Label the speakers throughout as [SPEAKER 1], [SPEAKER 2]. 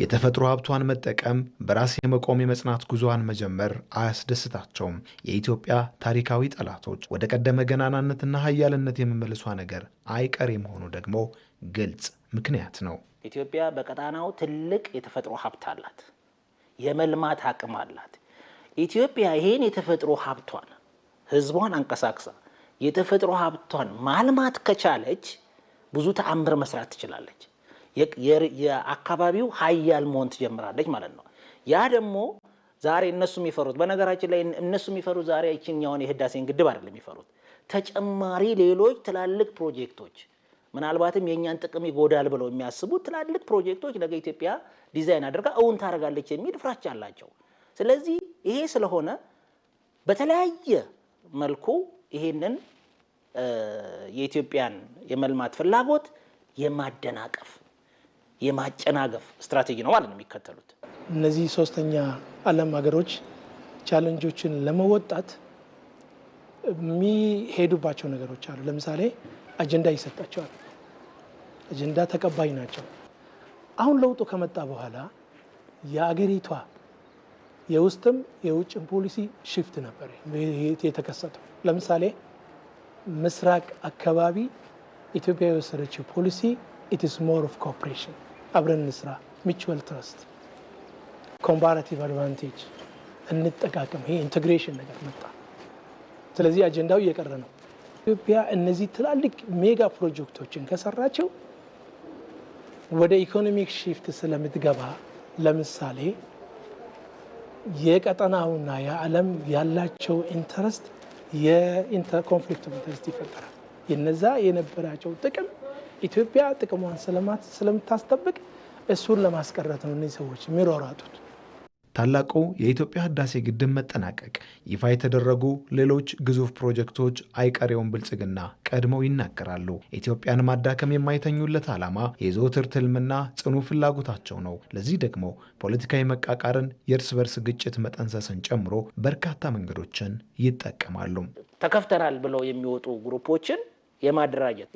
[SPEAKER 1] የተፈጥሮ ሀብቷን መጠቀም በራስ የመቆም የመጽናት ጉዞዋን መጀመር አያስደስታቸውም። የኢትዮጵያ ታሪካዊ ጠላቶች ወደ ቀደመ ገናናነትና ሀያልነት የመመለሷ ነገር አይቀሬ መሆኑ ደግሞ ግልጽ ምክንያት ነው።
[SPEAKER 2] ኢትዮጵያ በቀጣናው ትልቅ የተፈጥሮ ሀብት አላት፣ የመልማት አቅም አላት። ኢትዮጵያ ይህን የተፈጥሮ ሀብቷን ህዝቧን አንቀሳቅሳ የተፈጥሮ ሀብቷን ማልማት ከቻለች ብዙ ተአምር መስራት ትችላለች። የአካባቢው ሀያል መሆን ትጀምራለች ማለት ነው። ያ ደግሞ ዛሬ እነሱ የሚፈሩት በነገራችን ላይ እነሱ የሚፈሩት ዛሬ ይችኛውን የህዳሴን ግድብ አይደለም የሚፈሩት፣ ተጨማሪ ሌሎች ትላልቅ ፕሮጀክቶች ምናልባትም የእኛን ጥቅም ይጎዳል ብለው የሚያስቡት ትላልቅ ፕሮጀክቶች ነገ ኢትዮጵያ ዲዛይን አድርጋ እውን ታደርጋለች የሚል ፍራቻ አላቸው። ስለዚህ ይሄ ስለሆነ በተለያየ መልኩ ይሄንን የኢትዮጵያን የመልማት ፍላጎት የማደናቀፍ የማጨናገፍ ስትራቴጂ ነው ማለት ነው የሚከተሉት።
[SPEAKER 3] እነዚህ ሶስተኛ ዓለም ሀገሮች ቻለንጆችን ለመወጣት የሚሄዱባቸው ነገሮች አሉ። ለምሳሌ አጀንዳ ይሰጣቸዋል። አጀንዳ ተቀባይ ናቸው። አሁን ለውጡ ከመጣ በኋላ የአገሪቷ የውስጥም የውጭም ፖሊሲ ሽፍት ነበር የተከሰተው። ለምሳሌ ምስራቅ አካባቢ ኢትዮጵያ የወሰደችው ፖሊሲ ኢትስ ሞር ኦፍ ኮኦፕሬሽን አብረን እንስራ፣ ሚችዋል ትረስት፣ ኮምፓራቲቭ አድቫንቴጅ እንጠቃቀም። ይሄ ኢንቴግሬሽን ነገር መጣ። ስለዚህ አጀንዳው እየቀረ ነው። ኢትዮጵያ እነዚህ ትላልቅ ሜጋ ፕሮጀክቶችን ከሰራቸው ወደ ኢኮኖሚክ ሺፍት ስለምትገባ ለምሳሌ የቀጠናውና የዓለም ያላቸው ኢንተረስት የኮንፍሊክት ኢንተረስት ይፈጠራል። የነዛ የነበራቸው ጥቅም ኢትዮጵያ ጥቅሟን ስለምታስጠብቅ እሱን ለማስቀረት ነው እነዚህ ሰዎች የሚሯሯጡት።
[SPEAKER 1] ታላቁ የኢትዮጵያ ህዳሴ ግድብ መጠናቀቅ ይፋ የተደረጉ ሌሎች ግዙፍ ፕሮጀክቶች አይቀሬውን ብልጽግና ቀድመው ይናገራሉ። ኢትዮጵያን ማዳከም የማይተኙለት ዓላማ የዘወትር ትልምና ጽኑ ፍላጎታቸው ነው። ለዚህ ደግሞ ፖለቲካዊ መቃቃርን፣ የእርስ በርስ ግጭት መጠንሰስን ጨምሮ በርካታ መንገዶችን ይጠቀማሉ።
[SPEAKER 2] ተከፍተናል ብለው የሚወጡ ግሩፖችን የማደራጀት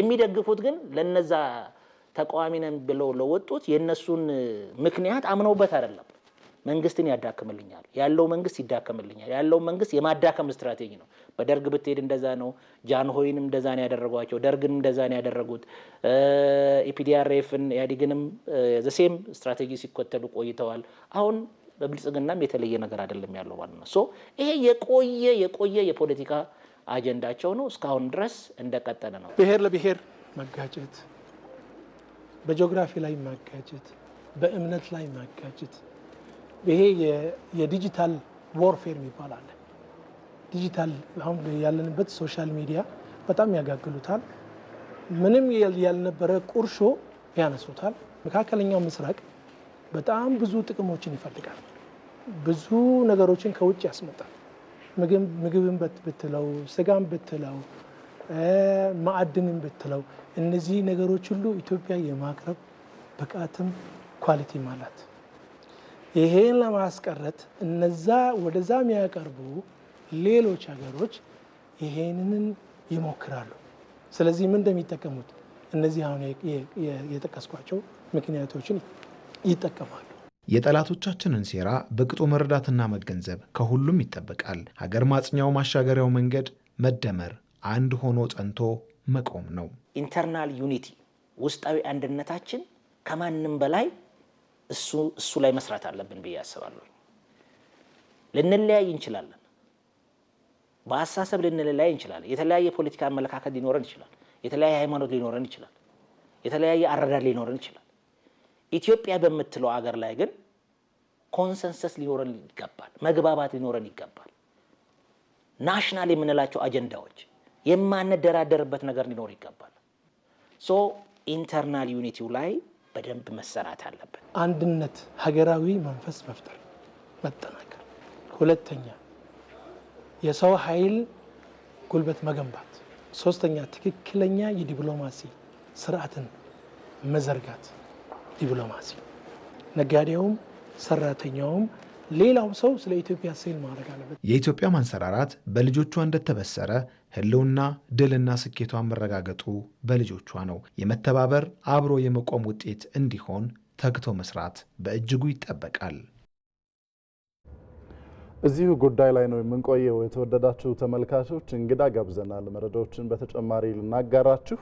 [SPEAKER 2] የሚደግፉት ግን ለነዛ ተቃዋሚ ነን ብለው ለወጡት የእነሱን ምክንያት አምነውበት አይደለም። መንግስትን ያዳክምልኛል ያለው መንግስት ይዳከምልኛል ያለው መንግስት የማዳከም ስትራቴጂ ነው። በደርግ ብትሄድ እንደዛ ነው። ጃንሆይንም እንደዛ ነው ያደረጓቸው። ደርግን እንደዛ ነው ያደረጉት። ኢፒዲአርኤፍን ኢህአዴግንም ዘሴም ስትራቴጂ ሲከተሉ ቆይተዋል። አሁን በብልጽግናም የተለየ ነገር አይደለም ያለው ማለት ነው። ይሄ የቆየ የቆየ የፖለቲካ አጀንዳቸው ነው። እስካሁን ድረስ እንደቀጠለ ነው።
[SPEAKER 3] ብሔር ለብሔር መጋጨት፣ በጂኦግራፊ ላይ ማጋጨት፣ በእምነት ላይ ማጋጨት ይሄ የዲጂታል ዎርፌር የሚባል አለ። ዲጂታል አሁን ያለንበት ሶሻል ሚዲያ በጣም ያጋግሉታል። ምንም ያልነበረ ቁርሾ ያነሱታል። መካከለኛው ምስራቅ በጣም ብዙ ጥቅሞችን ይፈልጋል። ብዙ ነገሮችን ከውጭ ያስመጣል። ምግብን ብትለው፣ ስጋን ብትለው፣ ማዕድንን ብትለው እነዚህ ነገሮች ሁሉ ኢትዮጵያ የማቅረብ ብቃትም ኳሊቲም አላት። ይሄን ለማስቀረት እነዛ ወደዛ የሚያቀርቡ ሌሎች ሀገሮች ይሄንን ይሞክራሉ። ስለዚህ ምን እንደሚጠቀሙት እነዚህ አሁን የጠቀስኳቸው ምክንያቶችን ይጠቀማሉ።
[SPEAKER 1] የጠላቶቻችንን ሴራ በቅጡ መረዳትና መገንዘብ ከሁሉም ይጠበቃል። ሀገር ማጽኛው ማሻገሪያው መንገድ መደመር፣ አንድ ሆኖ ጸንቶ መቆም ነው።
[SPEAKER 2] ኢንተርናል ዩኒቲ፣ ውስጣዊ አንድነታችን ከማንም በላይ እሱ እሱ ላይ መስራት አለብን ብዬ አስባለሁ። ልንለያይ እንችላለን፣ በአሳሰብ ልንለያይ እንችላለን። የተለያየ ፖለቲካ አመለካከት ሊኖረን ይችላል። የተለያየ ሃይማኖት ሊኖረን ይችላል። የተለያየ አረዳድ ሊኖረን ይችላል። ኢትዮጵያ በምትለው አገር ላይ ግን ኮንሰንሰስ ሊኖረን ይገባል፣ መግባባት ሊኖረን ይገባል። ናሽናል የምንላቸው አጀንዳዎች የማንደራደርበት ነገር ሊኖር ይገባል። ሶ ኢንተርናል ዩኒቲው ላይ በደንብ መሰራት አለበት።
[SPEAKER 3] አንድነት፣ ሀገራዊ መንፈስ መፍጠር፣ መጠናከር። ሁለተኛ የሰው ኃይል ጉልበት መገንባት። ሶስተኛ ትክክለኛ የዲፕሎማሲ ስርዓትን መዘርጋት ዲፕሎማሲ። ነጋዴውም ሰራተኛውም ሌላው ሰው ስለ ኢትዮጵያ ሴል ማድረግ አለበት።
[SPEAKER 1] የኢትዮጵያ ማንሰራራት በልጆቿ እንደተበሰረ ህልውና ድልና ስኬቷ መረጋገጡ በልጆቿ ነው። የመተባበር አብሮ የመቆም ውጤት እንዲሆን ተግቶ መስራት በእጅጉ ይጠበቃል።
[SPEAKER 4] እዚሁ ጉዳይ ላይ ነው የምንቆየው። የተወደዳችሁ ተመልካቾች እንግዳ ጋብዘናል። መረጃዎችን በተጨማሪ ልናጋራችሁ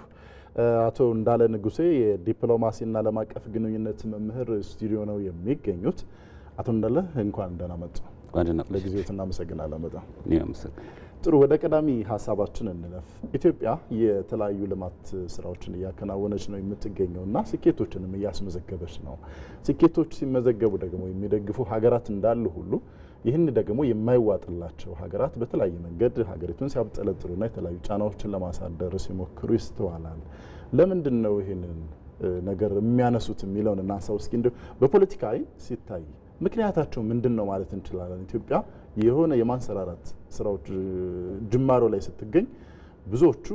[SPEAKER 4] አቶ እንዳለ ንጉሴ የዲፕሎማሲና ዓለም አቀፍ ግንኙነት መምህር ስቱዲዮ ነው የሚገኙት። አቶ እንዳለ እንኳን ደህና መጡ። ለጊዜዎት እናመሰግናለን። በጣም ጥሩ። ወደ ቀዳሚ ሀሳባችን እንለፍ። ኢትዮጵያ የተለያዩ ልማት ስራዎችን እያከናወነች ነው የምትገኘው እና ስኬቶችንም እያስመዘገበች ነው። ስኬቶች ሲመዘገቡ ደግሞ የሚደግፉ ሀገራት እንዳሉ ሁሉ ይህን ደግሞ የማይዋጥላቸው ሀገራት በተለያየ መንገድ ሀገሪቱን ሲያብጠለጥሉና የተለያዩ ጫናዎችን ለማሳደር ሲሞክሩ ይስተዋላል። ለምንድን ነው ይህንን ነገር የሚያነሱት የሚለውን እናንሳው እስኪ። እንዲሁ በፖለቲካ አይን ሲታይ ምክንያታቸው ምንድን ነው ማለት እንችላለን። ኢትዮጵያ የሆነ የማንሰራራት ስራዎች ጅማሮ ላይ ስትገኝ ብዙዎቹ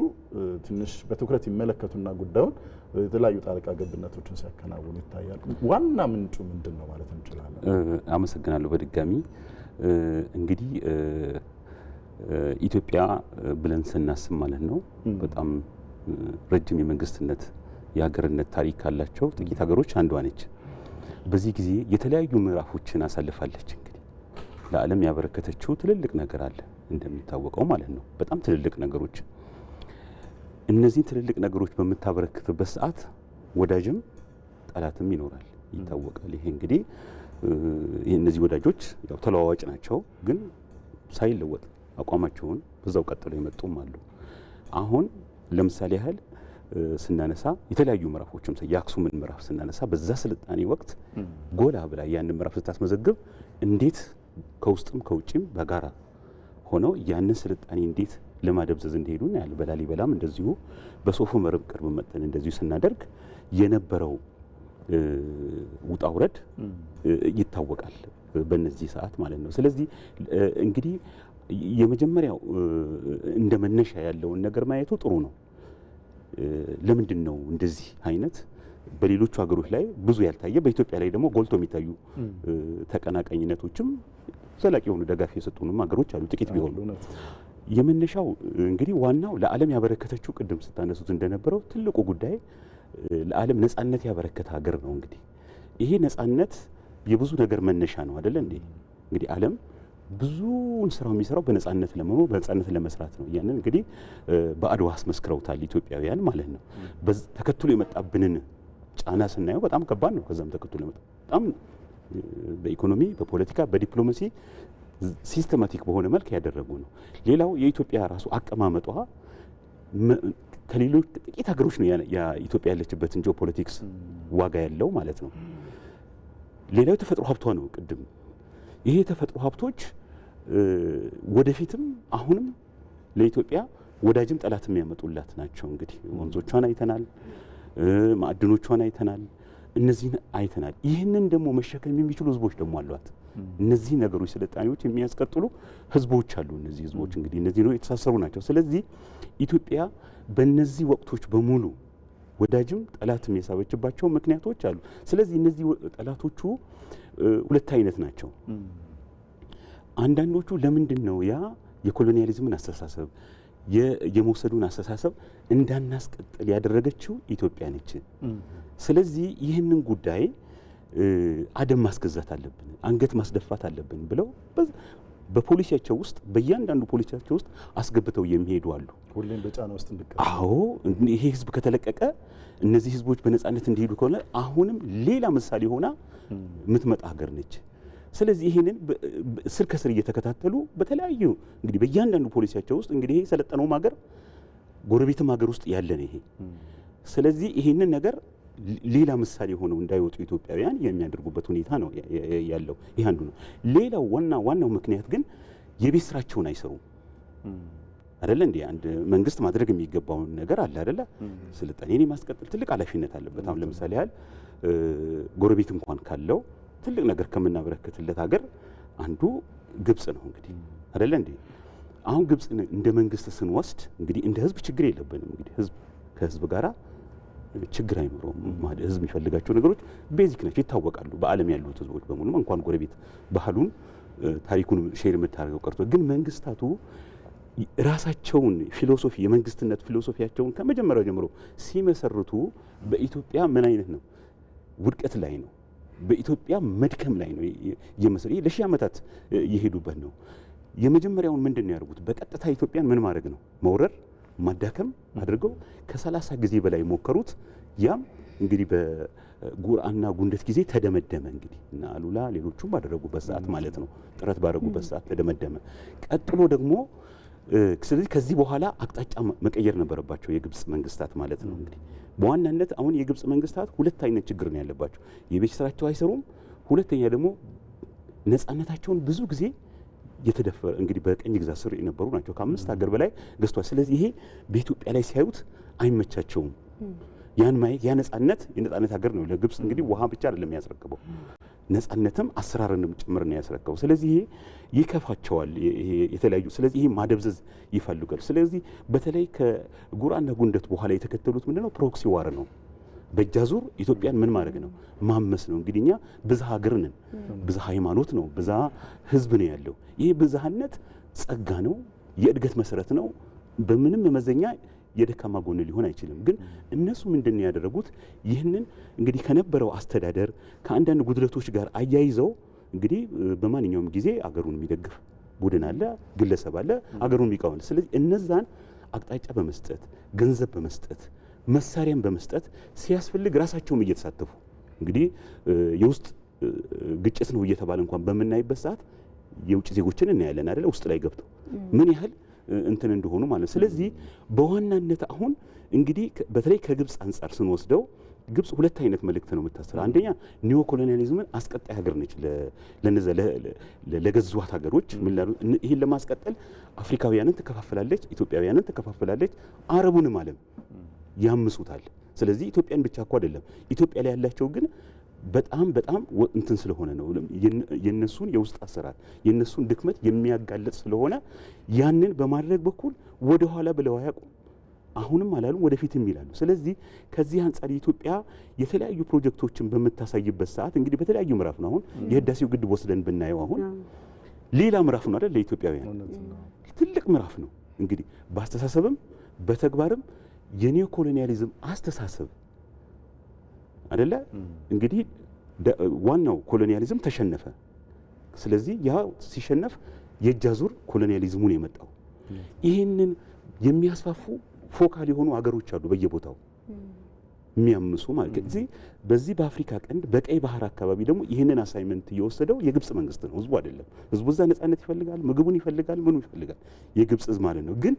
[SPEAKER 4] ትንሽ በትኩረት ይመለከቱና ጉዳዩን የተለያዩ ጣልቃ ገብነቶችን ሲያከናውኑ ይታያል። ዋና ምንጩ ምንድን ነው ማለት እንችላለን።
[SPEAKER 5] አመሰግናለሁ በድጋሚ እንግዲህ ኢትዮጵያ ብለን ስናስብ ማለት ነው በጣም ረጅም የመንግስትነት የሀገርነት ታሪክ ካላቸው ጥቂት ሀገሮች አንዷ ነች። በዚህ ጊዜ የተለያዩ ምዕራፎችን አሳልፋለች። እንግዲህ ለዓለም ያበረከተችው ትልልቅ ነገር አለ እንደሚታወቀው ማለት ነው። በጣም ትልልቅ ነገሮች። እነዚህን ትልልቅ ነገሮች በምታበረክትበት ሰዓት ወዳጅም ጠላትም ይኖራል፣ ይታወቃል። ይሄ እንግዲህ እነዚህ ወዳጆች ያው ተለዋዋጭ ናቸው፣ ግን ሳይለወጥ አቋማቸውን በዛው ቀጥሎ የመጡም አሉ። አሁን ለምሳሌ ያህል ስናነሳ የተለያዩ ምዕራፎችም የአክሱምን ምዕራፍ ስናነሳ በዛ ስልጣኔ ወቅት ጎላ ብላ ያንን ምዕራፍ ስታስመዘግብ እንዴት ከውስጥም ከውጭም በጋራ ሆነው ያንን ስልጣኔ እንዴት ለማደብዘዝ እንደሄዱ እናያለን። በላሊበላም እንደዚሁ በሶፉ መርብ ቅርብ መጠን እንደዚሁ ስናደርግ የነበረው ውጣ ውረድ ይታወቃል በነዚህ ሰዓት ማለት ነው። ስለዚህ እንግዲህ የመጀመሪያው እንደ መነሻ ያለውን ነገር ማየቱ ጥሩ ነው። ለምንድን ነው እንደዚህ አይነት በሌሎቹ ሀገሮች ላይ ብዙ ያልታየ በኢትዮጵያ ላይ ደግሞ ጎልቶ የሚታዩ ተቀናቃኝነቶችም ዘላቂ የሆኑ ደጋፊ የሰጡንም ሀገሮች አሉ ጥቂት ቢሆኑ። የመነሻው እንግዲህ ዋናው ለዓለም ያበረከተችው ቅድም ስታነሱት እንደነበረው ትልቁ ጉዳይ ለዓለም ነጻነት ያበረከተ ሀገር ነው። እንግዲህ ይሄ ነጻነት የብዙ ነገር መነሻ ነው አይደለ እንዴ? እንግዲህ ዓለም ብዙውን ስራው የሚሰራው በነጻነት ለመኖር በነጻነት ለመስራት ነው። ያንን እንግዲህ በአድዋ አስመስክረውታል ኢትዮጵያውያን ማለት ነው። ተከትሎ የመጣብንን ጫና ስናየው በጣም ከባድ ነው። ከዛም ተከትሎ በጣም በኢኮኖሚ በፖለቲካ፣ በዲፕሎማሲ ሲስተማቲክ በሆነ መልክ ያደረጉ ነው። ሌላው የኢትዮጵያ ራሱ አቀማመጧ ከሌሎች ጥቂት ሀገሮች ነው ኢትዮጵያ ያለችበትን ጂኦፖለቲክስ ዋጋ ያለው ማለት ነው። ሌላው የተፈጥሮ ሀብቷ ነው። ቅድም ይሄ የተፈጥሮ ሀብቶች ወደፊትም አሁንም ለኢትዮጵያ ወዳጅም ጠላት የሚያመጡላት ናቸው። እንግዲህ ወንዞቿን አይተናል፣ ማዕድኖቿን አይተናል፣ እነዚህን አይተናል። ይህንን ደግሞ መሸከም የሚችሉ ህዝቦች ደግሞ አሏት። እነዚህ ነገሮች ስልጣኔዎች የሚያስቀጥሉ ህዝቦች አሉ። እነዚህ ህዝቦች እንግዲህ እነዚህ ነው የተሳሰሩ ናቸው። ስለዚህ ኢትዮጵያ በእነዚህ ወቅቶች በሙሉ ወዳጅም ጠላትም የሳበችባቸው ምክንያቶች አሉ። ስለዚህ እነዚህ ጠላቶቹ ሁለት አይነት ናቸው። አንዳንዶቹ ለምንድን ነው ያ የኮሎኒያሊዝምን አስተሳሰብ የመውሰዱን አስተሳሰብ እንዳናስቀጥል ያደረገችው ኢትዮጵያ ነች። ስለዚህ ይህንን ጉዳይ አደም ማስገዛት አለብን፣ አንገት ማስደፋት አለብን ብለው በፖሊሲያቸው ውስጥ በእያንዳንዱ ፖሊሲያቸው ውስጥ አስገብተው የሚሄዱ አሉ።
[SPEAKER 4] ሁሌም በጫና ውስጥ እንድቀር።
[SPEAKER 5] አዎ ይሄ ህዝብ ከተለቀቀ እነዚህ ህዝቦች በነጻነት እንዲሄዱ ከሆነ አሁንም ሌላ ምሳሌ ሆና የምትመጣ ሀገር ነች። ስለዚህ ይህንን ስር ከስር እየተከታተሉ በተለያዩ እንግዲህ በእያንዳንዱ ፖሊሲያቸው ውስጥ እንግዲህ ይሄ ሰለጠነውም ሀገር ጎረቤትም ሀገር ውስጥ ያለ ነው ይሄ። ስለዚህ ይህንን ነገር ሌላ ምሳሌ ሆነው እንዳይወጡ ኢትዮጵያውያን የሚያደርጉበት ሁኔታ ነው ያለው። ይህ አንዱ ነው። ሌላው ዋና ዋናው ምክንያት ግን የቤት ስራቸውን አይሰሩም አደለ እንዴ? አንድ መንግስት ማድረግ የሚገባውን ነገር አለ አይደለ? ስልጣኔን የማስቀጠል ትልቅ ኃላፊነት አለበት። አሁን ለምሳሌ ያህል ጎረቤት እንኳን ካለው ትልቅ ነገር ከምናበረከትለት ሀገር አንዱ ግብጽ ነው እንግዲህ አደለ እንዴ? አሁን ግብጽ እንደ መንግስት ስንወስድ እንግዲህ እንደ ህዝብ ችግር የለብንም እንግዲህ ህዝብ ከህዝብ ጋራ ችግር አይኖረውም። ህዝብ የሚፈልጋቸው ነገሮች ቤዚክ ናቸው፣ ይታወቃሉ። በዓለም ያሉት ህዝቦች በሙሉ እንኳን ጎረቤት ባህሉን ታሪኩን ሼር የምታደርገው ቀርቶ ግን መንግስታቱ ራሳቸውን ፊሎሶፊ የመንግስትነት ፊሎሶፊያቸውን ከመጀመሪያው ጀምሮ ሲመሰርቱ በኢትዮጵያ ምን አይነት ነው? ውድቀት ላይ ነው። በኢትዮጵያ መድከም ላይ ነው። የመሰለ ለሺህ ዓመታት የሄዱበት ነው። የመጀመሪያውን ምንድን ነው ያደርጉት? በቀጥታ ኢትዮጵያን ምን ማድረግ ነው? መውረር ማዳከም አድርገው ከሰላሳ ጊዜ በላይ ሞከሩት። ያም እንግዲህ በጉርአና ጉንደት ጊዜ ተደመደመ። እንግዲህ እና አሉላ ሌሎቹም ባደረጉበት ሰዓት ማለት ነው፣ ጥረት ባደረጉበት ሰዓት ተደመደመ። ቀጥሎ ደግሞ ስለዚህ ከዚህ በኋላ አቅጣጫ መቀየር ነበረባቸው የግብጽ መንግስታት ማለት ነው። እንግዲህ በዋናነት አሁን የግብጽ መንግስታት ሁለት አይነት ችግር ነው ያለባቸው፣ የቤት ስራቸው አይሰሩም። ሁለተኛ ደግሞ ነጻነታቸውን ብዙ ጊዜ የተደፈረ እንግዲህ በቀኝ ግዛት ስር የነበሩ ናቸው። ከአምስት ሀገር በላይ ገዝቷል። ስለዚህ ይሄ በኢትዮጵያ ላይ ሲያዩት አይመቻቸውም። ያን ማየት ያ ነጻነት የነጻነት ሀገር ነው። ለግብጽ እንግዲህ ውሃ ብቻ አይደለም ያስረክበው ነጻነትም አሰራርንም ጭምር ነው ያስረከበው። ስለዚህ ይሄ ይከፋቸዋል የተለያዩ ስለዚህ ይሄ ማደብዘዝ ይፈልጋሉ። ስለዚህ በተለይ ከጉራና ጉንደት በኋላ የተከተሉት ምንድነው ፕሮክሲ ዋር ነው። በእጅ አዙር ኢትዮጵያን ምን ማድረግ ነው? ማመስ ነው። እንግዲህ እኛ ብዝሃ ሀገር ነን፣ ብዝሃ ሃይማኖት ነው፣ ብዝሃ ህዝብ ነው ያለው። ይህ ብዝሃነት ጸጋ ነው፣ የእድገት መሰረት ነው። በምንም መመዘኛ የደካማ ጎን ሊሆን አይችልም። ግን እነሱ ምንድን ያደረጉት? ይህንን እንግዲህ ከነበረው አስተዳደር ከአንዳንድ ጉድለቶች ጋር አያይዘው እንግዲህ በማንኛውም ጊዜ አገሩን የሚደግፍ ቡድን አለ፣ ግለሰብ አለ፣ አገሩን የሚቃወም ስለዚህ እነዛን አቅጣጫ በመስጠት ገንዘብ በመስጠት መሳሪያም በመስጠት ሲያስፈልግ ራሳቸውም እየተሳተፉ እንግዲህ የውስጥ ግጭት ነው እየተባለ እንኳን በምናይበት ሰዓት የውጭ ዜጎችን እናያለን አይደለ? ውስጥ ላይ ገብተው ምን ያህል እንትን እንደሆኑ ማለት ስለዚህ በዋናነት አሁን እንግዲህ በተለይ ከግብፅ አንጻር ስንወስደው ግብፅ ሁለት አይነት መልእክት ነው የምታስተላል። አንደኛ ኒዮ ኮሎኒያሊዝምን አስቀጣይ ሀገር ነች። ለነዛ ሀገሮች ይህን ለማስቀጠል አፍሪካውያንን ትከፋፍላለች፣ ኢትዮጵያውያንን ትከፋፍላለች፣ አረቡንም ዓለም ያምሱታል። ስለዚህ ኢትዮጵያን ብቻ እኮ አይደለም ኢትዮጵያ ላይ ያላቸው ግን በጣም በጣም እንትን ስለሆነ ነው የነሱን የውስጥ አሰራር የነሱን ድክመት የሚያጋለጥ ስለሆነ ያንን በማድረግ በኩል ወደኋላ ብለው አያውቁም። አሁንም አላሉም፣ ወደፊትም ይላሉ። ስለዚህ ከዚህ አንጻር ኢትዮጵያ የተለያዩ ፕሮጀክቶችን በምታሳይበት ሰዓት እንግዲህ በተለያዩ ምዕራፍ ነው። አሁን የህዳሴው ግድብ ወስደን ብናየው አሁን ሌላ ምዕራፍ ነው አይደል? ለኢትዮጵያውያን ትልቅ ምዕራፍ ነው እንግዲህ በአስተሳሰብም በተግባርም የኒዮ ኮሎኒያሊዝም አስተሳሰብ አደለ እንግዲህ ዋናው ኮሎኒያሊዝም ተሸነፈ። ስለዚህ ያ ሲሸነፍ የእጃዙር ኮሎኒያሊዝሙን የመጣው። ይህንን የሚያስፋፉ ፎካል የሆኑ አገሮች አሉ በየቦታው የሚያምሱ ማለት እዚህ በዚህ በአፍሪካ ቀንድ በቀይ ባህር አካባቢ ደግሞ ይህንን አሳይመንት እየወሰደው የግብጽ መንግስት ነው፣ ህዝቡ አይደለም። ህዝቡ እዛ ነጻነት ይፈልጋል፣ ምግቡን ይፈልጋል፣ ምኑ ይፈልጋል፣ የግብጽ ህዝብ ማለት ነው ግን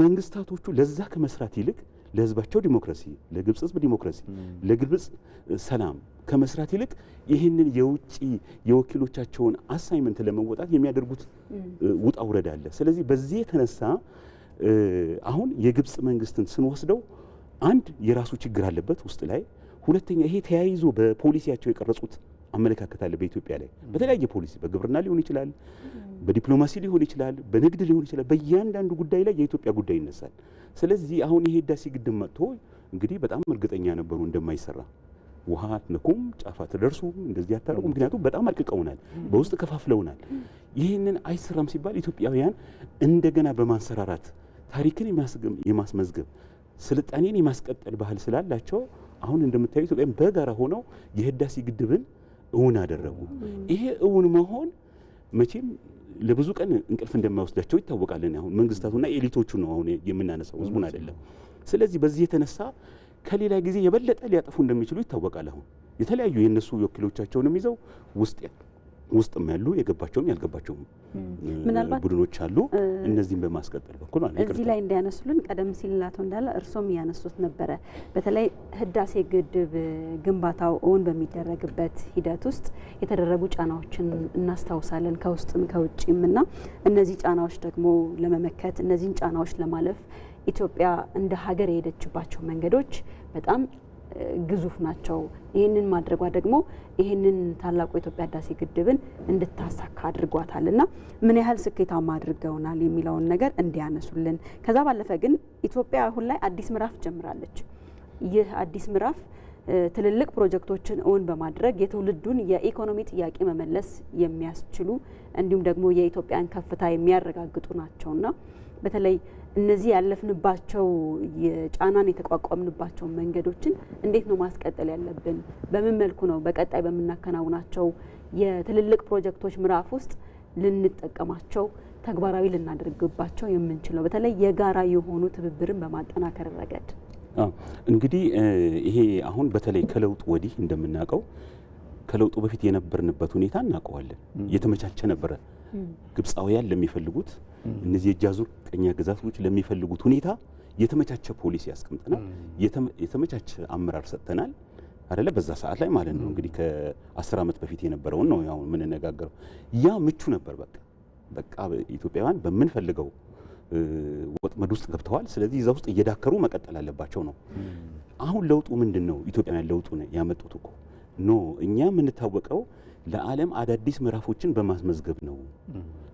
[SPEAKER 5] መንግስታቶቹ ለዛ ከመስራት ይልቅ ለህዝባቸው ዲሞክራሲ፣ ለግብፅ ህዝብ ዲሞክራሲ፣ ለግብፅ ሰላም ከመስራት ይልቅ ይህንን የውጭ የወኪሎቻቸውን አሳይመንት ለመወጣት የሚያደርጉት ውጣ ውረድ አለ። ስለዚህ በዚህ የተነሳ አሁን የግብፅ መንግስትን ስንወስደው አንድ የራሱ ችግር አለበት ውስጥ ላይ፣ ሁለተኛ ይሄ ተያይዞ በፖሊሲያቸው የቀረጹት አመለካከት አለ በኢትዮጵያ ላይ በተለያየ ፖሊሲ፣ በግብርና ሊሆን ይችላል፣ በዲፕሎማሲ ሊሆን ይችላል፣ በንግድ ሊሆን ይችላል። በእያንዳንዱ ጉዳይ ላይ የኢትዮጵያ ጉዳይ ይነሳል። ስለዚህ አሁን ይሄ ህዳሴ ግድብ መጥቶ እንግዲህ በጣም እርግጠኛ ነበሩ እንደማይሰራ ውሃ አትነኩም፣ ጫፋ ትደርሱም እንደዚህ አታደርጉ። ምክንያቱም በጣም አድቅቀውናል፣ በውስጥ ከፋፍለውናል። ይህንን አይሰራም ሲባል ኢትዮጵያውያን እንደገና በማንሰራራት ታሪክን የማስመዝገብ ስልጣኔን የማስቀጠል ባህል ስላላቸው አሁን እንደምታዩ ኢትዮጵያን በጋራ ሆነው የህዳሴ ግድብን እውን አደረጉ። ይሄ እውን መሆን መቼም ለብዙ ቀን እንቅልፍ እንደማይወስዳቸው ይታወቃል። አሁን መንግስታቱና ኤሊቶቹ ነው አሁን የምናነሳው ህዝቡን አይደለም። ስለዚህ በዚህ የተነሳ ከሌላ ጊዜ የበለጠ ሊያጠፉ እንደሚችሉ ይታወቃል። አሁን የተለያዩ የእነሱ ወኪሎቻቸውንም ይዘው ውስጥ ውስጥም ያሉ የገባቸውም ያልገባቸውም ቡድኖች አሉ። እነዚህም በማስቀጠል በኩል አለ
[SPEAKER 6] እዚህ ላይ እንዲያነሱልን ቀደም ሲል ላቶ እንዳለ እርሶም ያነሱት ነበረ። በተለይ ህዳሴ ግድብ ግንባታው እውን በሚደረግበት ሂደት ውስጥ የተደረጉ ጫናዎችን እናስታውሳለን ከውስጥም ከውጭም እና እነዚህ ጫናዎች ደግሞ ለመመከት እነዚህን ጫናዎች ለማለፍ ኢትዮጵያ እንደ ሀገር የሄደችባቸው መንገዶች በጣም ግዙፍ ናቸው። ይህንን ማድረጓ ደግሞ ይህንን ታላቁ የኢትዮጵያ ህዳሴ ግድብን እንድታሳካ አድርጓታል እና ምን ያህል ስኬታማ አድርገውናል የሚለውን ነገር እንዲያነሱልን። ከዛ ባለፈ ግን ኢትዮጵያ አሁን ላይ አዲስ ምዕራፍ ጀምራለች። ይህ አዲስ ምዕራፍ ትልልቅ ፕሮጀክቶችን እውን በማድረግ የትውልዱን የኢኮኖሚ ጥያቄ መመለስ የሚያስችሉ እንዲሁም ደግሞ የኢትዮጵያን ከፍታ የሚያረጋግጡ ናቸውና በተለይ እነዚህ ያለፍንባቸው የጫናን የተቋቋምንባቸው መንገዶችን እንዴት ነው ማስቀጠል ያለብን? በምን መልኩ ነው በቀጣይ በምናከናውናቸው የትልልቅ ፕሮጀክቶች ምዕራፍ ውስጥ ልንጠቀማቸው ተግባራዊ ልናደርግባቸው የምንችለው በተለይ የጋራ የሆኑ ትብብርን በማጠናከር ረገድ
[SPEAKER 5] እንግዲህ ይሄ አሁን በተለይ ከለውጥ ወዲህ እንደምናውቀው ከለውጡ በፊት የነበርንበት ሁኔታ እናውቀዋለን። እየተመቻቸ ነበረ ግብፃውያን ለሚፈልጉት እነዚህ የጃዙር ቀኛ ግዛቶች ለሚፈልጉት ሁኔታ የተመቻቸ ፖሊሲ ያስቀምጠናል፣ የተመቻቸ አመራር ሰጥተናል። አደለ በዛ ሰዓት ላይ ማለት ነው እንግዲህ ከአስር ዓመት በፊት የነበረውን ነው ያው የምንነጋገረው። ያ ምቹ ነበር። በቃ በቃ ኢትዮጵያውያን በምንፈልገው ወጥመድ ውስጥ ገብተዋል። ስለዚህ እዛ ውስጥ እየዳከሩ መቀጠል አለባቸው ነው። አሁን ለውጡ ምንድን ነው? ኢትዮጵያውያን ለውጡ ያመጡት እኮ ኖ እኛ የምንታወቀው ለዓለም አዳዲስ ምዕራፎችን በማስመዝገብ ነው።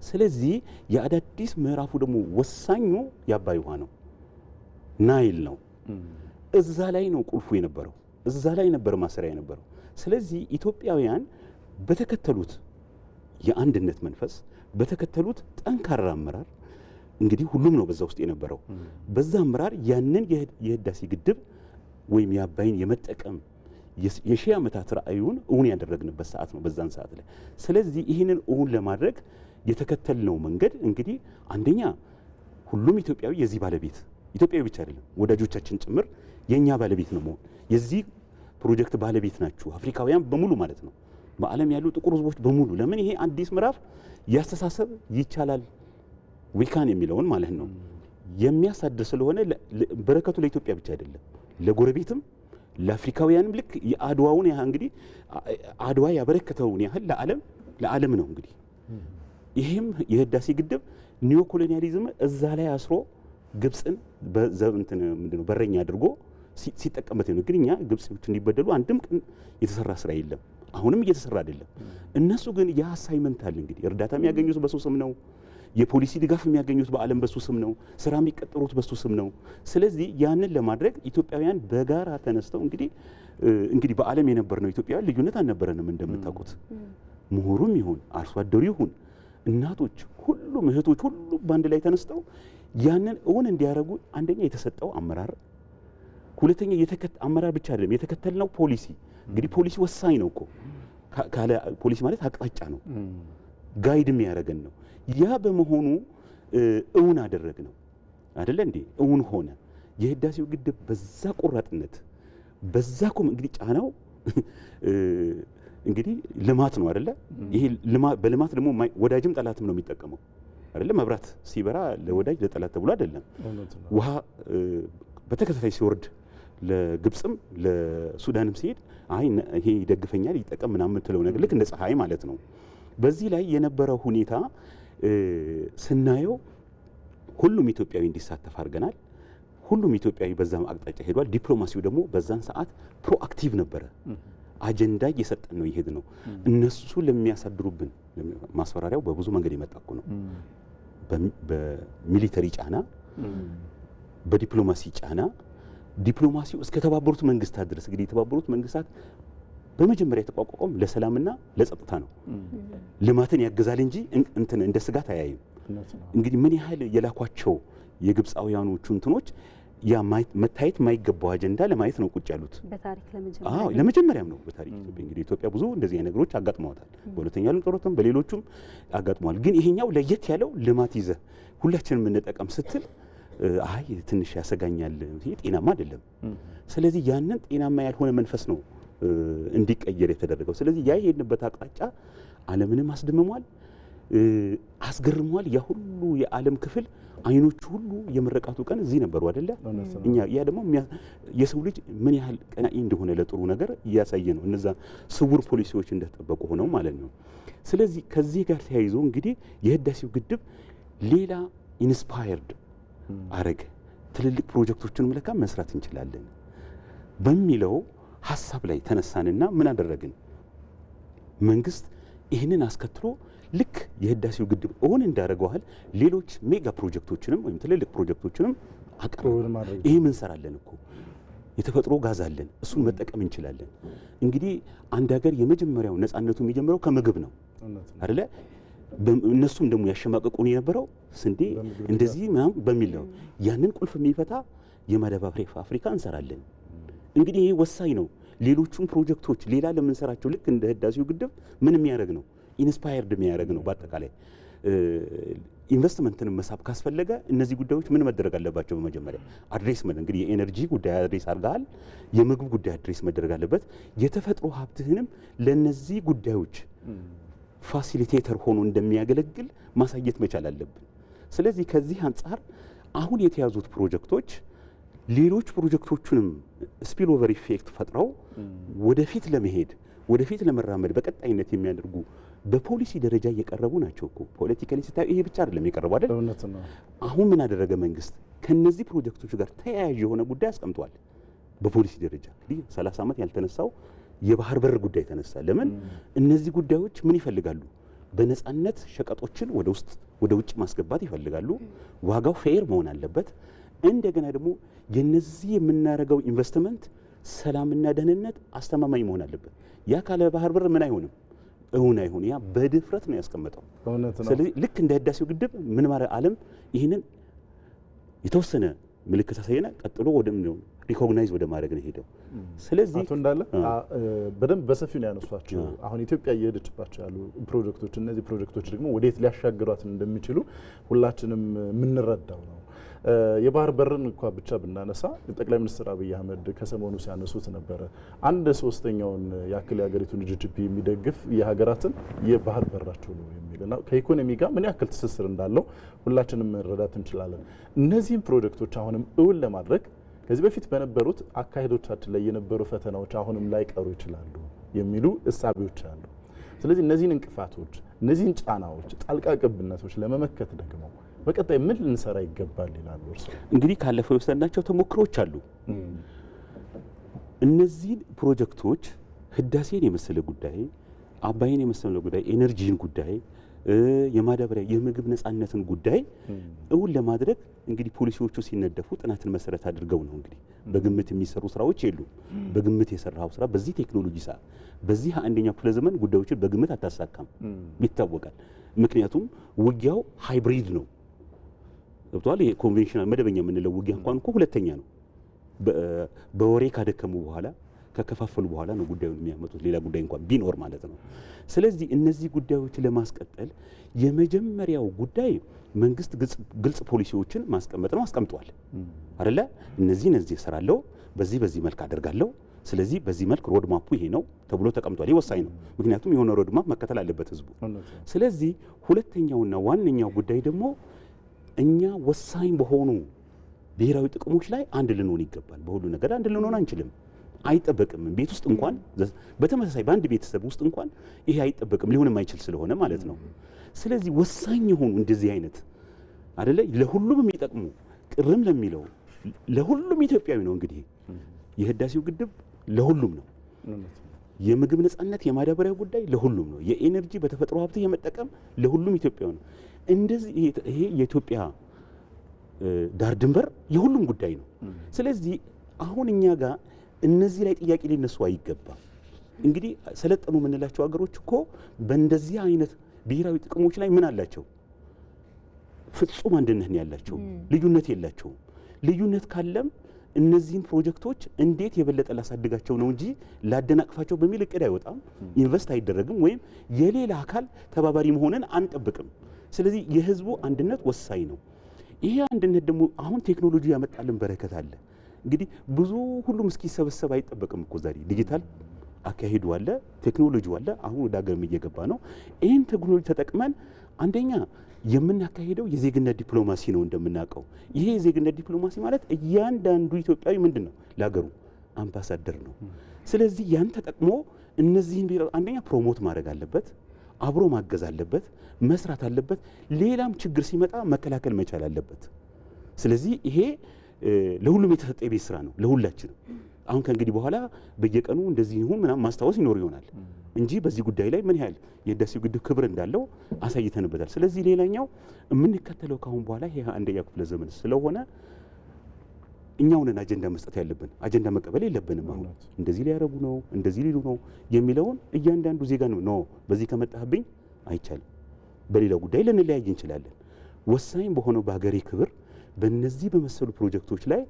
[SPEAKER 5] ስለዚህ የአዳዲስ ምዕራፉ ደግሞ ወሳኙ የአባይ ውሃ ነው፣ ናይል ነው። እዛ ላይ ነው ቁልፉ የነበረው፣ እዛ ላይ ነበር ማሰሪያ የነበረው። ስለዚህ ኢትዮጵያውያን በተከተሉት የአንድነት መንፈስ በተከተሉት ጠንካራ አመራር እንግዲህ ሁሉም ነው በዛ ውስጥ የነበረው። በዛ አመራር ያንን የህዳሴ ግድብ ወይም የአባይን የመጠቀም የሺህ ዓመታት ራእዩን እውን ያደረግንበት ሰዓት ነው በዛን ሰዓት ላይ። ስለዚህ ይህንን እውን ለማድረግ የተከተልነው መንገድ እንግዲህ አንደኛ ሁሉም ኢትዮጵያዊ የዚህ ባለቤት ኢትዮጵያዊ ብቻ አይደለም፣ ወዳጆቻችን ጭምር የኛ ባለቤት ነው መሆን የዚህ ፕሮጀክት ባለቤት ናችሁ አፍሪካውያን በሙሉ ማለት ነው። በዓለም ያሉ ጥቁር ህዝቦች በሙሉ ለምን ይሄ አዲስ ምዕራፍ ያስተሳሰብ ይቻላል ዊካን የሚለውን ማለት ነው የሚያሳድር ስለሆነ በረከቱ ለኢትዮጵያ ብቻ አይደለም፣ ለጎረቤትም ለአፍሪካውያንም ልክ የአድዋውን ያህል እንግዲህ አድዋ ያበረከተውን ያህል ለዓለም ለዓለም ነው እንግዲህ ይህም የህዳሴ ግድብ ኒዮ ኮሎኒያሊዝም እዛ ላይ አስሮ ግብፅን በዘብንትን ምንድነው በረኛ አድርጎ ሲጠቀምበት ነው። ግን እኛ ግብጾች እንዲበደሉ አንድም ቀን የተሰራ ስራ የለም። አሁንም እየተሰራ አይደለም። እነሱ ግን ያ አሳይመንት አለ እንግዲህ እርዳታ የሚያገኙት በሶስም ነው የፖሊሲ ድጋፍ የሚያገኙት በዓለም በሱ ስም ነው። ስራ የሚቀጠሩት በሱ ስም ነው። ስለዚህ ያንን ለማድረግ ኢትዮጵያውያን በጋራ ተነስተው እንግዲህ እንግዲህ በዓለም የነበር ነው ኢትዮጵያ ልዩነት አልነበረንም እንደምታውቁት ምሁሩም ይሁን አርሶ አደሩ ይሁን እናቶች፣ ሁሉም እህቶች፣ ሁሉም በአንድ ላይ ተነስተው ያንን እውን እንዲያደርጉ አንደኛ የተሰጠው አመራር፣ ሁለተኛ አመራር ብቻ አይደለም የተከተልነው ፖሊሲ። እንግዲህ ፖሊሲ ወሳኝ ነው እኮ ካለ ፖሊሲ ማለት አቅጣጫ ነው፣ ጋይድ የሚያደርገን ነው። ያ በመሆኑ እውን አደረግ ነው አደለ እንዴ? እውን ሆነ። የህዳሴው ግድብ በዛ ቆራጥነት በዛ ኩም እንግዲህ ጫናው እንግዲህ ልማት ነው አደለ? ይሄ በልማት ደግሞ ወዳጅም ጠላትም ነው የሚጠቀመው አደለ? መብራት ሲበራ ለወዳጅ ለጠላት ተብሎ አይደለም። ውሃ በተከታታይ ሲወርድ ለግብፅም ለሱዳንም ሲሄድ አይ ይሄ ይደግፈኛል ይጠቀም ምናምን የምትለው ነገር ልክ እንደ ፀሐይ ማለት ነው። በዚህ ላይ የነበረው ሁኔታ ስናየው ሁሉም ኢትዮጵያዊ እንዲሳተፍ አድርገናል። ሁሉም ኢትዮጵያዊ በዛ አቅጣጫ ሄዷል። ዲፕሎማሲው ደግሞ በዛን ሰዓት ፕሮአክቲቭ ነበረ። አጀንዳ እየሰጠን ነው ይሄድ ነው እነሱ ለሚያሳድሩብን ማስፈራሪያው በብዙ መንገድ የመጣ እኮ ነው። በሚሊተሪ ጫና፣ በዲፕሎማሲ ጫና ዲፕሎማሲው እስከ ተባበሩት መንግስታት ድረስ እንግዲህ የተባበሩት መንግስታት በመጀመሪያ የተቋቋመው ለሰላምና ለጸጥታ ነው። ልማትን ያግዛል እንጂ እንትን እንደ ስጋት አያይም። እንግዲህ ምን ያህል የላኳቸው የግብፃውያኖቹ እንትኖች ያ መታየት የማይገባው አጀንዳ ለማየት ነው ቁጭ ያሉት። ለመጀመሪያም ነው በታሪክ ኢትዮጵያ። እንግዲህ ኢትዮጵያ ብዙ እንደዚህ አይነት ነገሮች አጋጥመዋታል። በሁለተኛ ዓለም ጦርነትም በሌሎቹም አጋጥመዋል። ግን ይሄኛው ለየት ያለው ልማት ይዘ ሁላችንም እንጠቀም ስትል አይ ትንሽ ያሰጋኛል፣ ይሄ ጤናማ አይደለም። ስለዚህ ያንን ጤናማ ያልሆነ መንፈስ ነው እንዲቀየር የተደረገው። ስለዚህ ያ የሄድንበት አቅጣጫ ዓለምንም አስደምሟል፣ አስገርሟል። ያ ሁሉ የዓለም ክፍል አይኖቹ ሁሉ የምረቃቱ ቀን እዚህ ነበሩ አደለ እኛ ያ ደግሞ የሰው ልጅ ምን ያህል ቀናኢ እንደሆነ ለጥሩ ነገር እያሳየ ነው። እነዛ ስውር ፖሊሲዎች እንደተጠበቁ ሆነው ማለት ነው። ስለዚህ ከዚህ ጋር ተያይዞ እንግዲህ የህዳሴው ግድብ ሌላ ኢንስፓየርድ አረገ። ትልልቅ ፕሮጀክቶችን ለካ መስራት እንችላለን በሚለው ሀሳብ ላይ ተነሳንና ምን አደረግን? መንግስት ይህንን አስከትሎ ልክ የህዳሴው ግድብ እውን እንዳደረገዋል ሌሎች ሜጋ ፕሮጀክቶችንም ወይም ትልልቅ ፕሮጀክቶችንም አቅርበን ይህም እንሰራለን እኮ የተፈጥሮ ጋዝ አለን፣ እሱን መጠቀም እንችላለን። እንግዲህ አንድ ሀገር የመጀመሪያው ነፃነቱ የሚጀምረው ከምግብ ነው አደለ? እነሱም ደግሞ ያሸማቀቁን የነበረው ስንዴ እንደዚህ ምናምን በሚል ነው። ያንን ቁልፍ የሚፈታ የማዳበሪያ ፋብሪካ እንሰራለን። እንግዲህ ይህ ወሳኝ ነው። ሌሎቹም ፕሮጀክቶች ሌላ ለምንሰራቸው ልክ እንደ ህዳሴው ግድብ ምን የሚያደርግ ነው? ኢንስፓየርድ የሚያደርግ ነው። በአጠቃላይ ኢንቨስትመንትን መሳብ ካስፈለገ እነዚህ ጉዳዮች ምን መደረግ አለባቸው? በመጀመሪያ አድሬስ መ እንግዲህ የኤነርጂ ጉዳይ አድሬስ አድርገሃል። የምግብ ጉዳይ አድሬስ መደረግ አለበት። የተፈጥሮ ሀብትህንም ለእነዚህ ጉዳዮች ፋሲሊቴተር ሆኖ እንደሚያገለግል ማሳየት መቻል አለብን። ስለዚህ ከዚህ አንጻር አሁን የተያዙት ፕሮጀክቶች ሌሎች ፕሮጀክቶቹንም ስፒል ኦቨር ኢፌክት ፈጥረው ወደፊት ለመሄድ ወደፊት ለመራመድ በቀጣይነት የሚያደርጉ በፖሊሲ ደረጃ እየቀረቡ ናቸው እኮ ፖለቲካሊ ስታዩ ይሄ ብቻ አይደለም የቀረቡ አይደል? አሁን ምን አደረገ መንግስት? ከነዚህ ፕሮጀክቶች ጋር ተያያዥ የሆነ ጉዳይ አስቀምጧል። በፖሊሲ ደረጃ እንግዲህ 30 ዓመት ያልተነሳው የባህር በር ጉዳይ ተነሳ። ለምን እነዚህ ጉዳዮች ምን ይፈልጋሉ? በነፃነት ሸቀጦችን ወደ ውስጥ ወደ ውጭ ማስገባት ይፈልጋሉ። ዋጋው ፌር መሆን አለበት። እንደገና ደግሞ የነዚህ የምናደርገው ኢንቨስትመንት ሰላምና ደህንነት አስተማማኝ መሆን አለበት። ያ ካለ ባህር በር ምን አይሆንም፣ እውን አይሆን። ያ በድፍረት ነው ያስቀመጠው። ስለዚህ ልክ እንደ ህዳሴው ግድብ ምን ማረ አለም ይህንን የተወሰነ ምልክት አሳየና ቀጥሎ ወደ ሪኮግናይዝ ወደ ማድረግ ነው ሄደው።
[SPEAKER 4] ስለዚህ አቶ እንዳለ በደንብ በሰፊው ነው ያነሷቸው። አሁን ኢትዮጵያ እየሄደችባቸው ያሉ ፕሮጀክቶች፣ እነዚህ ፕሮጀክቶች ደግሞ ወዴት ሊያሻግሯትን እንደሚችሉ ሁላችንም የምንረዳው ነው። የባህር በርን እንኳ ብቻ ብናነሳ ጠቅላይ ሚኒስትር አብይ አህመድ ከሰሞኑ ሲያነሱት ነበረ። አንድ ሶስተኛውን ያክል የሀገሪቱን ጂዲፒ የሚደግፍ የሀገራትን የባህር በራቸው ነው የሚል እና ከኢኮኖሚ ጋር ምን ያክል ትስስር እንዳለው ሁላችንም መረዳት እንችላለን። እነዚህም ፕሮጀክቶች አሁንም እውን ለማድረግ ከዚህ በፊት በነበሩት አካሄዶቻችን ላይ የነበሩ ፈተናዎች አሁንም ላይቀሩ ይችላሉ የሚሉ እሳቤዎች አሉ። ስለዚህ እነዚህን እንቅፋቶች፣ እነዚህን ጫናዎች፣ ጣልቃ ቅብነቶች ለመመከት ደግሞ በቀጣይ ምን ልንሰራ ይገባል ይላሉ እርስዎ?
[SPEAKER 5] እንግዲህ ካለፈው የወሰድናቸው ተሞክሮች አሉ። እነዚህን ፕሮጀክቶች ህዳሴን የመሰለ ጉዳይ፣ አባይን የመሰለ ጉዳይ፣ ኤነርጂን ጉዳይ፣ የማዳበሪያ የምግብ ነጻነትን ጉዳይ እውን ለማድረግ እንግዲህ ፖሊሲዎቹ ሲነደፉ ጥናትን መሰረት አድርገው ነው። እንግዲህ በግምት የሚሰሩ ስራዎች የሉም። በግምት የሰራው ስራ በዚህ ቴክኖሎጂ ሰዓት፣ በዚህ አንደኛው ክፍለ ዘመን ጉዳዮችን በግምት አታሳካም፣ ይታወቃል። ምክንያቱም ውጊያው ሃይብሪድ ነው። ገብተዋል። ይሄ ኮንቬንሽናል መደበኛ የምንለው ውጊያ እንኳን እኮ ሁለተኛ ነው። በወሬ ካደከሙ በኋላ ከከፋፈሉ በኋላ ነው ጉዳዩን የሚያመጡት ሌላ ጉዳይ እንኳን ቢኖር ማለት ነው። ስለዚህ እነዚህ ጉዳዮች ለማስቀጠል የመጀመሪያው ጉዳይ መንግስት ግልጽ ፖሊሲዎችን ማስቀመጥ ነው። አስቀምጠዋል አደለ? እነዚህ እነዚህ እሰራለሁ፣ በዚህ በዚህ መልክ አደርጋለሁ ስለዚህ በዚህ መልክ ሮድማፑ ይሄ ነው ተብሎ ተቀምጧል። ይህ ወሳኝ ነው፣ ምክንያቱም የሆነ ሮድማፕ መከተል አለበት ህዝቡ። ስለዚህ ሁለተኛውና ዋነኛው ጉዳይ ደግሞ እኛ ወሳኝ በሆኑ ብሔራዊ ጥቅሞች ላይ አንድ ልንሆን ይገባል። በሁሉ ነገር አንድ ልንሆን አንችልም፣ አይጠበቅም። ቤት ውስጥ እንኳን በተመሳሳይ በአንድ ቤተሰብ ውስጥ እንኳን ይሄ አይጠበቅም፣ ሊሆን የማይችል ስለሆነ ማለት ነው። ስለዚህ ወሳኝ የሆኑ እንደዚህ አይነት አደለ ለሁሉም የሚጠቅሙ ቅርም ለሚለው ለሁሉም ኢትዮጵያዊ ነው። እንግዲህ የህዳሴው ግድብ ለሁሉም ነው። የምግብ ነጻነት፣ የማዳበሪያ ጉዳይ ለሁሉም ነው። የኤነርጂ በተፈጥሮ ሀብት የመጠቀም ለሁሉም ኢትዮጵያዊ ነው። እንደዚህ ይሄ የኢትዮጵያ ዳር ድንበር የሁሉም ጉዳይ ነው። ስለዚህ አሁን እኛ ጋር እነዚህ ላይ ጥያቄ ሊነሱ አይገባም። እንግዲህ ሰለጠኑ የምንላቸው ሀገሮች እኮ በእንደዚህ አይነት ብሔራዊ ጥቅሞች ላይ ምን አላቸው? ፍጹም አንድነት ያላቸው፣ ልዩነት የላቸውም። ልዩነት ካለም እነዚህን ፕሮጀክቶች እንዴት የበለጠ ላሳድጋቸው ነው እንጂ ላደናቅፋቸው በሚል እቅድ አይወጣም፣ ኢንቨስት አይደረግም፣ ወይም የሌላ አካል ተባባሪ መሆንን አንጠብቅም። ስለዚህ የህዝቡ አንድነት ወሳኝ ነው። ይሄ አንድነት ደግሞ አሁን ቴክኖሎጂ ያመጣልን በረከት አለ። እንግዲህ ብዙ ሁሉም እስኪሰበሰብ አይጠበቅም እኮ ዛሬ ዲጂታል አካሄዱ አለ፣ ቴክኖሎጂ አለ። አሁን ወደ ሀገርም እየገባ ነው። ይህን ቴክኖሎጂ ተጠቅመን አንደኛ የምናካሄደው የዜግነት ዲፕሎማሲ ነው እንደምናውቀው። ይሄ የዜግነት ዲፕሎማሲ ማለት እያንዳንዱ ኢትዮጵያዊ ምንድን ነው ለሀገሩ አምባሳደር ነው። ስለዚህ ያን ተጠቅሞ እነዚህን አንደኛ ፕሮሞት ማድረግ አለበት። አብሮ ማገዝ አለበት፣ መስራት አለበት። ሌላም ችግር ሲመጣ መከላከል መቻል አለበት። ስለዚህ ይሄ ለሁሉም የተሰጠ የቤት ስራ ነው፣ ለሁላችንም። አሁን ከእንግዲህ በኋላ በየቀኑ እንደዚህ ይሁን ምናምን ማስታወስ ይኖር ይሆናል እንጂ በዚህ ጉዳይ ላይ ምን ያህል የህዳሴው ግድብ ክብር እንዳለው አሳይተንበታል። ስለዚህ ሌላኛው የምንከተለው ካሁን በኋላ ይህ አንደኛ ክፍለ ዘመን ስለሆነ እኛውንን አጀንዳ መስጠት ያለብን አጀንዳ መቀበል የለብንም። አሁን እንደዚህ ሊያረጉ ነው እንደዚህ ሊሉ ነው የሚለውን እያንዳንዱ ዜጋ ነው ኖ በዚህ ከመጣህብኝ አይቻልም። በሌላ ጉዳይ ልንለያይ እንችላለን። ወሳኝ በሆነው በሀገሬ ክብር በእነዚህ በመሰሉ ፕሮጀክቶች ላይ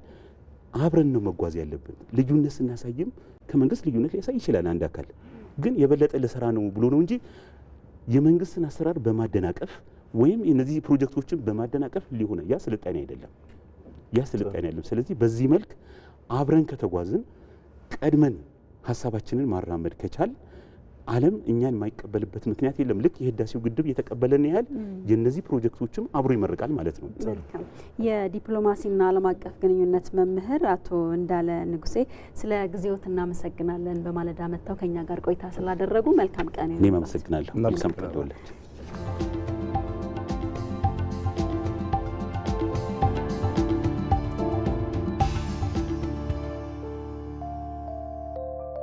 [SPEAKER 5] አብረን ነው መጓዝ ያለብን። ልዩነት ስናሳይም ከመንግስት ልዩነት ሊያሳይ ይችላል አንድ አካል ግን የበለጠ ለስራ ነው ብሎ ነው እንጂ የመንግስትን አሰራር በማደናቀፍ ወይም እነዚህ ፕሮጀክቶችን በማደናቀፍ ሊሆነ ያ ስልጣኔ አይደለም። ያ ስልጣኔ ያለም። ስለዚህ በዚህ መልክ አብረን ከተጓዝን ቀድመን ሀሳባችንን ማራመድ ከቻል ዓለም እኛን የማይቀበልበት ምክንያት የለም። ልክ የህዳሴው ግድብ እየተቀበለን ያህል የእነዚህ ፕሮጀክቶችም አብሮ ይመርቃል ማለት ነው። መልካም።
[SPEAKER 6] የዲፕሎማሲና ዓለም አቀፍ ግንኙነት መምህር አቶ እንዳለ ንጉሴ ስለ ጊዜዎት እናመሰግናለን። በማለዳ መጥተው ከእኛ ጋር ቆይታ ስላደረጉ መልካም ቀን።
[SPEAKER 5] እኔም አመሰግናለሁ። መልካም ቀን።